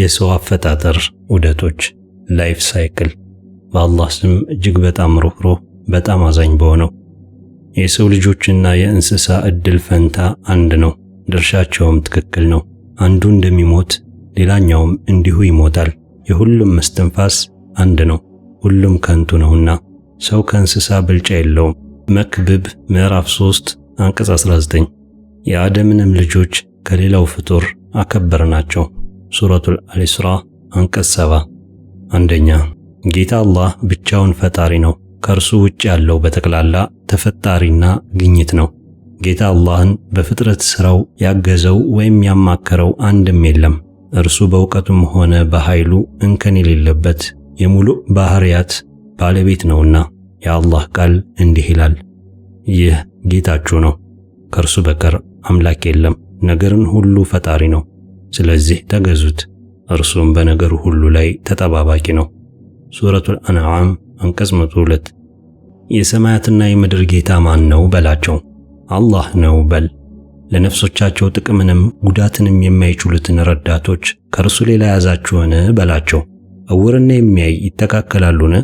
የሰው አፈጣጠር ዑደቶች ላይፍ ሳይክል በአላህ ስም እጅግ በጣም ሩህሩህ በጣም አዛኝ በሆነው የሰው ልጆችና የእንስሳ እድል ፈንታ አንድ ነው፣ ድርሻቸውም ትክክል ነው። አንዱ እንደሚሞት ሌላኛውም እንዲሁ ይሞታል። የሁሉም መስተንፋስ አንድ ነው፣ ሁሉም ከንቱ ነውና ሰው ከእንስሳ ብልጫ የለውም። መክብብ ምዕራፍ 3 አንቀጽ 19 የአደምንም ልጆች ከሌላው ፍጡር አከበርናቸው። ሱረቱል አልኢስራ አንቀጽ ሰባ አንደኛ ጌታ አላህ ብቻውን ፈጣሪ ነው። ከእርሱ ውጭ ያለው በጠቅላላ ተፈጣሪና ግኝት ነው። ጌታ አላህን በፍጥረት ሥራው ያገዘው ወይም ያማከረው አንድም የለም። እርሱ በእውቀቱም ሆነ በኃይሉ እንከን የሌለበት የሙሉእ ባሕርያት ባለቤት ነውና የአላህ ቃል እንዲህ ይላል፣ ይህ ጌታችሁ ነው፣ ከእርሱ በቀር አምላክ የለም፣ ነገርን ሁሉ ፈጣሪ ነው። ስለዚህ ተገዙት፣ እርሱም በነገሩ ሁሉ ላይ ተጠባባቂ ነው። ሱረቱል አንዓም አንቀጽ 102። የሰማያትና የምድር ጌታ ማን ነው በላቸው፣ አላህ ነው በል። ለነፍሶቻቸው ጥቅምንም ጉዳትንም የማይችሉትን ረዳቶች ከእርሱ ሌላ ያዛችሁን በላቸው። እውርና የሚያይ ይተካከላሉን?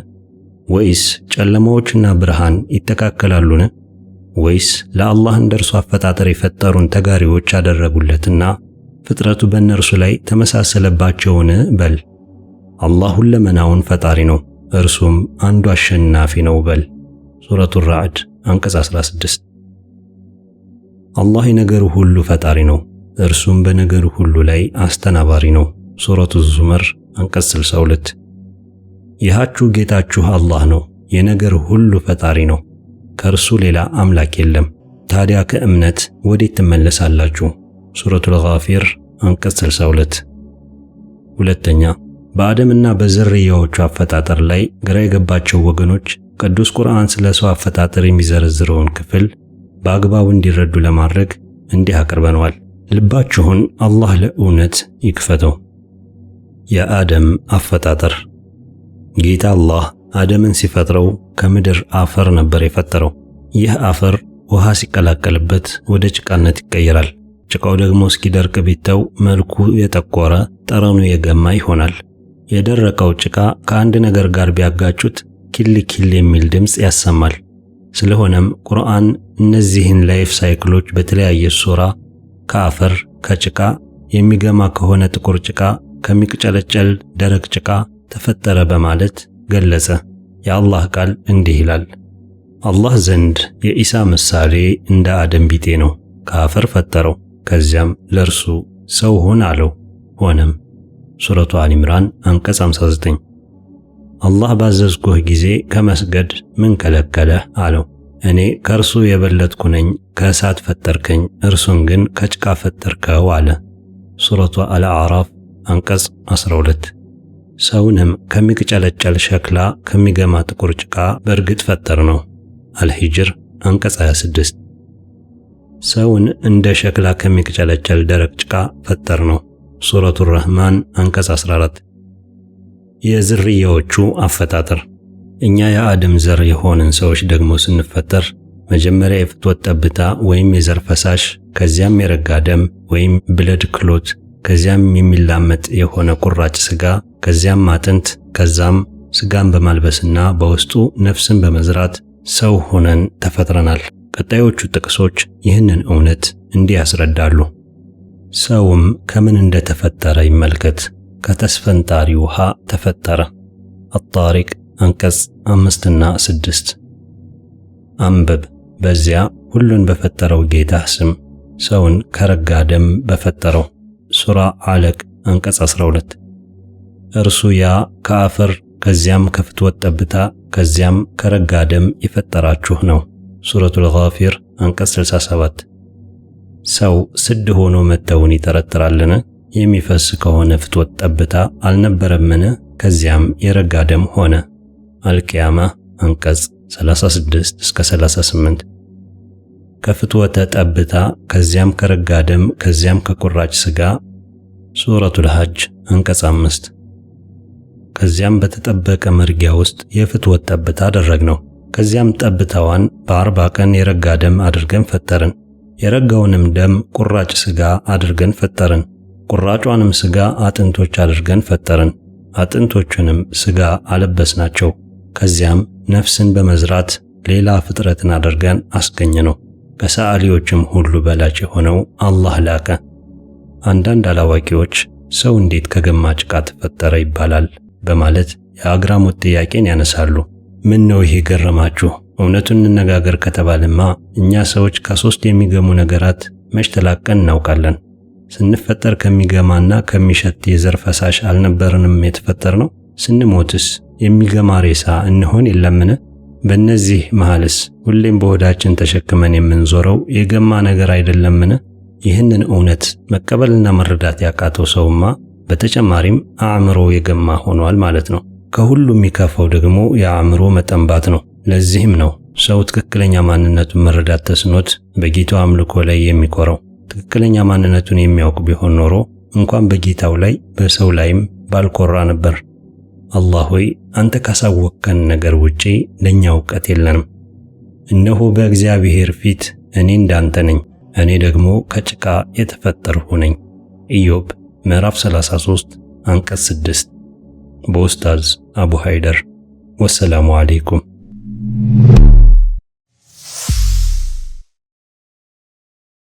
ወይስ ጨለማዎችና ብርሃን ይተካከላሉን? ወይስ ለአላህ እንደ እርሱ አፈጣጠር የፈጠሩን ተጋሪዎች አደረጉለትና ፍጥረቱ በእነርሱ ላይ ተመሳሰለባቸውን በል። አላህ ሁለመናውን ፈጣሪ ነው፣ እርሱም አንዱ አሸናፊ ነው በል። ሱረቱ ራዕድ አንቀጽ 16። አላህ የነገር ሁሉ ፈጣሪ ነው፣ እርሱም በነገሩ ሁሉ ላይ አስተናባሪ ነው። ሱረቱ ዙመር አንቀጽ 62። ይሃችሁ ጌታችሁ አላህ ነው፣ የነገር ሁሉ ፈጣሪ ነው። ከእርሱ ሌላ አምላክ የለም። ታዲያ ከእምነት ወዴት ትመለሳላችሁ? ሱረቱል ጋፊር አንቀጽ 62። ሁለተኛ በአደምና በዝርያዎቹ አፈጣጠር ላይ ግራ የገባቸው ወገኖች ቅዱስ ቁርአን ስለ ሰው አፈጣጠር የሚዘረዝረውን ክፍል በአግባቡ እንዲረዱ ለማድረግ እንዲህ አቅርበነዋል። ልባችሁን አላህ ለእውነት ይክፈተው። የአደም አፈጣጠር ጌታ አላህ አደምን ሲፈጥረው ከምድር አፈር ነበር የፈጠረው። ይህ አፈር ውሃ ሲቀላቀልበት ወደ ጭቃነት ይቀየራል። ጭቃው ደግሞ እስኪደርቅ ቢተው መልኩ የጠቆረ ጠረኑ የገማ ይሆናል። የደረቀው ጭቃ ከአንድ ነገር ጋር ቢያጋጩት ኪል ኪል የሚል ድምፅ ያሰማል። ስለሆነም ቁርአን እነዚህን ላይፍ ሳይክሎች በተለያየ ሱራ ከአፈር፣ ከጭቃ የሚገማ ከሆነ ጥቁር ጭቃ፣ ከሚቅጨለጨል ደረቅ ጭቃ ተፈጠረ በማለት ገለጸ። የአላህ ቃል እንዲህ ይላል። አላህ ዘንድ የኢሳ ምሳሌ እንደ አደም ቢጤ ነው። ከአፈር ፈጠረው። ከዚያም ለእርሱ ሰው ሆን አለው ሆነም። ሱረቱ አሊ ኢምራን አንቀጽ 59 አላህ ባዘዝኩህ ጊዜ ከመስገድ ምን ከለከለህ አለው። እኔ ከእርሱ የበለጥኩ ነኝ፣ ከእሳት ፈጠርከኝ፣ እርሱን ግን ከጭቃ ፈጠርከው አለ። ሱረቱ አልአዕራፍ አንቀጽ 12 ሰውንም ከሚቅጨለጨል ሸክላ ከሚገማ ጥቁር ጭቃ በእርግጥ ፈጠር ነው። አልሂጅር አንቀጽ 26 ሰውን እንደ ሸክላ ከሚቅጨለጨል ደረቅ ጭቃ ፈጠር ነው። ሱረቱ ረህማን አንቀጽ 14 የዝርያዎቹ አፈጣጠር እኛ የአደም ዘር የሆንን ሰዎች ደግሞ ስንፈጠር መጀመሪያ የፍትወት ጠብታ ወይም የዘር ፈሳሽ፣ ከዚያም የረጋ ደም ወይም ብለድ ክሎት፣ ከዚያም የሚላመጥ የሆነ ቁራጭ ስጋ፣ ከዚያም አጥንት፣ ከዛም ስጋን በማልበስና በውስጡ ነፍስን በመዝራት ሰው ሆነን ተፈጥረናል። ቀጣዮቹ ጥቅሶች ይህንን እውነት እንዲህ ያስረዳሉ። ሰውም ከምን እንደተፈጠረ ይመልከት። ከተስፈንጣሪ ውሃ ተፈጠረ። አጣሪቅ አንቀጽ አምስትና ስድስት አንብብ። በዚያ ሁሉን በፈጠረው ጌታ ስም ሰውን ከረጋ ደም በፈጠረው። ሱራ አለቅ አንቀጽ 12 እርሱ ያ ከአፈር ከዚያም ከፍትወት ጠብታ ከዚያም ከረጋ ደም የፈጠራችሁ ነው። ሱረቱል ጋፊር አንቀጽ 67 ሰው ስድ ሆኖ መተውን ይጠረጥራልን? የሚፈስ ከሆነ ፍትወት ጠብታ አልነበረምን? ከዚያም የረጋ ደም ሆነ። አልቅያማ አንቀጽ 36 እስከ 38 ከፍትወተ ጠብታ ከዚያም ከረጋ ደም ከዚያም ከቁራጭ ስጋ ሱረቱል ሐጅ አንቀጽ 5 ከዚያም በተጠበቀ መርጊያ ውስጥ የፍትወት ጠብታ አደረግነው። ከዚያም ጠብታዋን በአርባ ቀን የረጋ ደም አድርገን ፈጠርን። የረጋውንም ደም ቁራጭ ሥጋ አድርገን ፈጠርን። ቁራጯንም ሥጋ አጥንቶች አድርገን ፈጠርን። አጥንቶቹንም ሥጋ አለበስናቸው። ከዚያም ነፍስን በመዝራት ሌላ ፍጥረትን አድርገን አስገኘነው። ነው። ከሰዓሊዎችም ሁሉ በላጭ የሆነው አላህ ላከ። አንዳንድ አላዋቂዎች ሰው እንዴት ከገማ ጭቃ ተፈጠረ ይባላል በማለት የአግራሞት ጥያቄን ያነሳሉ። ምን ነው ይሄ ገረማችሁ? እውነቱን እንነጋገር ከተባለማ እኛ ሰዎች ከሶስት የሚገሙ ነገራት መች ተላቀን እናውቃለን። ስንፈጠር ከሚገማና ከሚሸት የዘር ፈሳሽ አልነበርንም የተፈጠር ነው? ስንሞትስ የሚገማ ሬሳ እንሆን የለምን? በእነዚህ መሃልስ ሁሌም በሆዳችን ተሸክመን የምንዞረው የገማ ነገር አይደለምን? ይህንን እውነት መቀበልና መረዳት ያቃተው ሰውማ በተጨማሪም አእምሮ የገማ ሆኗል ማለት ነው። ከሁሉም የሚከፋው ደግሞ የአእምሮ መጠንባት ነው። ለዚህም ነው ሰው ትክክለኛ ማንነቱን መረዳት ተስኖት በጌታው አምልኮ ላይ የሚኮረው። ትክክለኛ ማንነቱን የሚያውቅ ቢሆን ኖሮ እንኳን በጌታው ላይ በሰው ላይም ባልኮራ ነበር። አላህ ሆይ አንተ ካሳወቅከን ነገር ውጪ ለእኛ እውቀት የለንም። እነሆ በእግዚአብሔር ፊት እኔ እንዳንተ ነኝ፣ እኔ ደግሞ ከጭቃ የተፈጠርሁ ነኝ። ኢዮብ ምዕራፍ 33 አንቀጽ 6 በኡስታዝ አቡ ሃይደር ወሰላሙ አሌይኩም